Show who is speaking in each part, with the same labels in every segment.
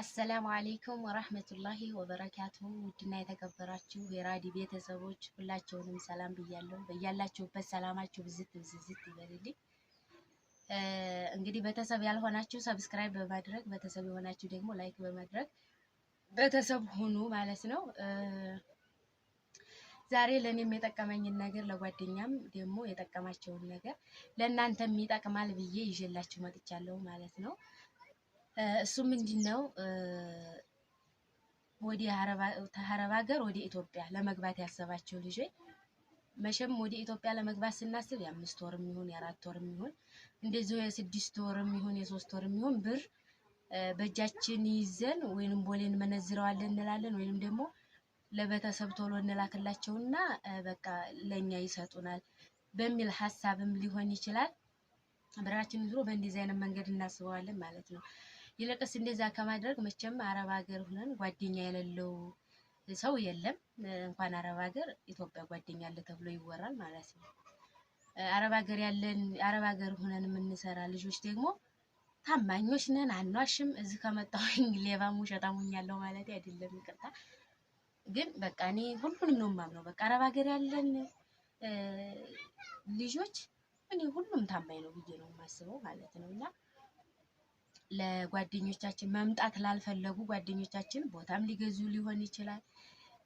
Speaker 1: አሰላሙ አሌይኩም ወራህመቱላሂ ወበረካቱ። ውድና የተከበራችሁ የራዲ ቤተሰቦች ሁላቸውንም ሰላም ብያለሁ። በያላችሁበት ሰላማችሁ ብዝት ብዝዝት ይበልልኝ። እንግዲህ ቤተሰብ ያልሆናችሁ ሰብስክራይብ በማድረግ ቤተሰብ የሆናችሁ ደግሞ ላይክ በማድረግ ቤተሰብ ሁኑ ማለት ነው። ዛሬ ለእኔም የጠቀመኝን ነገር ለጓደኛም ደግሞ የጠቀማቸውን ነገር ለእናንተም ይጠቅማል ብዬ ይዤላችሁ መጥቻለሁ ማለት ነው። እሱ ምንድን ነው ወደ ሀረብ ሀገር ወደ ኢትዮጵያ ለመግባት ያሰባቸው ልጅ መቼም ወደ ኢትዮጵያ ለመግባት ስናስብ የአምስት ወርም ይሁን የአራት ወርም ይሁን እንደዚሁ የስድስት ወርም ይሁን የሶስት ወርም ይሁን ብር በእጃችን ይዘን ወይንም ቦሌ መነዝረዋለን እንላለን ወይንም ደግሞ ለቤተሰብ ቶሎ እንላክላቸውና በቃ ለእኛ ይሰጡናል በሚል ሀሳብም ሊሆን ይችላል። ብራችን ዙሮ በእንደዚህ አይነት መንገድ እናስበዋለን ማለት ነው። ይልቅስ እንደዛ ከማድረግ መቼም አረብ ሀገር ሁነን ጓደኛ የሌለው ሰው የለም። እንኳን አረብ ሀገር ኢትዮጵያ ጓደኛ አለ ተብሎ ይወራል ማለት ነው። አረብ ሀገር ያለን አረብ ሀገር ሁነን የምንሰራ ልጆች ደግሞ ታማኞች ነን፣ አኗሽም። እዚህ ከመጣሁኝ ሌባም ውሸታም ሆኛለሁ ማለት አይደለም፣ ይቅርታ። ግን በቃ እኔ ሁሉንም ነው የማምነው። በቃ አረብ ሀገር ያለን ልጆች እኔ ሁሉም ታማኝ ነው ብዬ ነው የማስበው ማለት ነው እና ለጓደኞቻችን መምጣት ላልፈለጉ ጓደኞቻችን ቦታም ሊገዙ ሊሆን ይችላል፣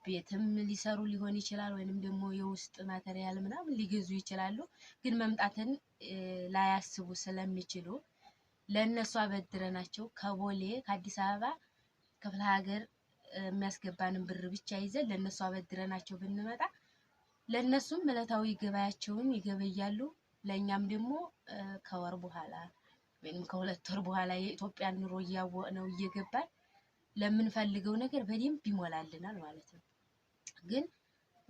Speaker 1: ቤትም ሊሰሩ ሊሆን ይችላል፣ ወይንም ደግሞ የውስጥ ማቴሪያል ምናምን ሊገዙ ይችላሉ። ግን መምጣትን ላያስቡ ስለሚችሉ ለእነሱ አበድረናቸው ከቦሌ ከአዲስ አበባ ክፍለ ሀገር የሚያስገባንን ብር ብቻ ይዘን ለእነሱ አበድረናቸው ብንመጣ ለእነሱም ዕለታዊ ገበያቸውን ይገበያሉ፣ ለእኛም ደግሞ ከወር በኋላ ወይም ከሁለት ወር በኋላ የኢትዮጵያን ኑሮ እያወቅነው እየገባን ለምንፈልገው ነገር በደንብ ይሞላልናል ማለት ነው። ግን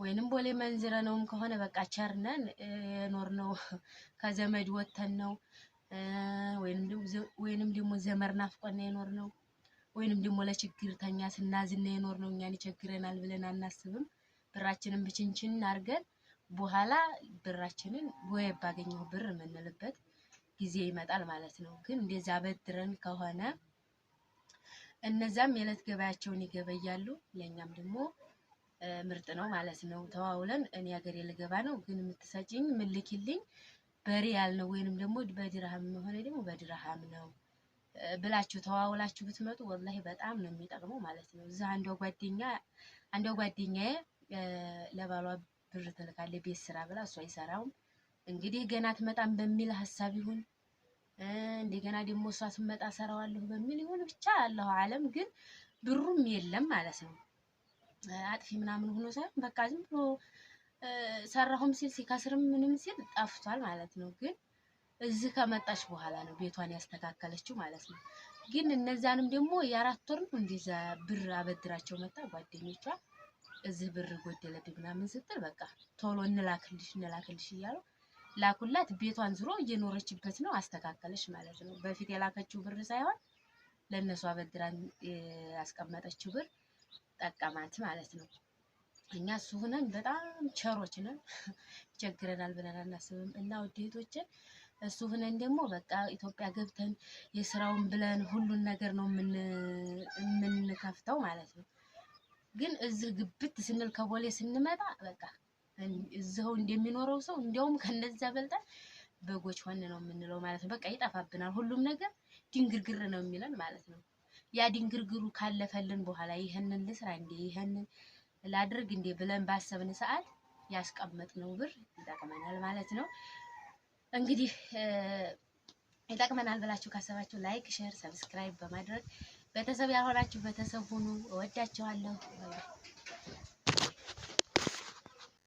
Speaker 1: ወይንም ቦሌ መንዝረ ነውም ከሆነ በቃ ቸርነን ኖር ነው ከዘመድ ወተን ነው ወይንም ደግሞ ዘመር ናፍቆና የኖር ነው ወይንም ደግሞ ለችግርተኛ ስናዝና የኖር ነው። እኛን ይቸግረናል ብለን አናስብም። ብራችንን ብችንችን አድርገን በኋላ ብራችንን ወይ ባገኘው ብር የምንልበት ጊዜ ይመጣል ማለት ነው። ግን እንደዛ በድረን ከሆነ እነዛም የዕለት ገበያቸውን ይገበያሉ፣ ለእኛም ደግሞ ምርጥ ነው ማለት ነው። ተዋውለን እኔ ሀገሬ ልገባ ነው፣ ግን የምትሰጭኝ ምልኪልኝ በሪያል ነው ወይንም ደግሞ በድርሃም ሆነ ደግሞ በድርሃም ነው ብላችሁ ተዋውላችሁ ብትመጡ ወላሂ በጣም ነው የሚጠቅመው ማለት ነው። እዛ አንዷ ጓደኛ አንዷ ጓደኛዬ ለባሏ ብር ትልካለች ቤት ስራ ብላ እሷ አይሰራውም እንግዲህ ገና አትመጣም በሚል ሀሳብ ይሁን እንደገና ደግሞ እሷ ስመጣ ሰራዋለሁ በሚል ይሁን ብቻ አለሁ አለም ግን ብሩም የለም ማለት ነው። አጥፊ ምናምን ሆኖ ሳይሆን በቃ ዝም ብሎ ሰራሁም ሲል ሲከስርም ምንም ሲል ጠፍቷል ማለት ነው። ግን እዚህ ከመጣች በኋላ ነው ቤቷን ያስተካከለችው ማለት ነው። ግን እነዛንም ደግሞ የአራት ወር ነው እንደዛ ብር አበድራቸው መጣ ጓደኞቿ እዚህ ብር ጎደለብኝ ምናምን ስትል በቃ ቶሎ እንላክልሽ እንላክልሽ እያሉ ላኩላት። ቤቷን ዝሮ እየኖረችበት ነው። አስተካከለች ማለት ነው። በፊት የላከችው ብር ሳይሆን ለእነሱ አበድራን ያስቀመጠችው ብር ጠቀማት ማለት ነው። እኛ እሱ ሁነን በጣም ቸሮች ነን። ይቸግረናል ብለን አናስብም። እና ውዴቶችን እሱ ሁነን ደግሞ በቃ ኢትዮጵያ ገብተን የስራውን ብለን ሁሉን ነገር ነው የምንከፍተው ማለት ነው። ግን እዚህ ግብት ስንል ከቦሌ ስንመጣ በቃ እዛው እንደሚኖረው ሰው እንዲያውም ከነዛ በልጠን በጎች ሆን ነው የምንለው ማለት ነው። በቃ ይጠፋብናል ሁሉም ነገር ድንግርግር ነው የሚለን ማለት ነው። ያ ድንግርግሩ ካለፈልን በኋላ ይህንን ልስራ እንዴ ይህንን ላድርግ እንዴ ብለን ባሰብን ሰዓት ያስቀመጥነው ብር ይጠቅመናል ማለት ነው። እንግዲህ ይጠቅመናል ብላችሁ ካሰባችሁ ላይክ፣ ሼር፣ ሰብስክራይብ በማድረግ ቤተሰብ ያልሆናችሁ ቤተሰብ ሁኑ። እወዳችኋለሁ።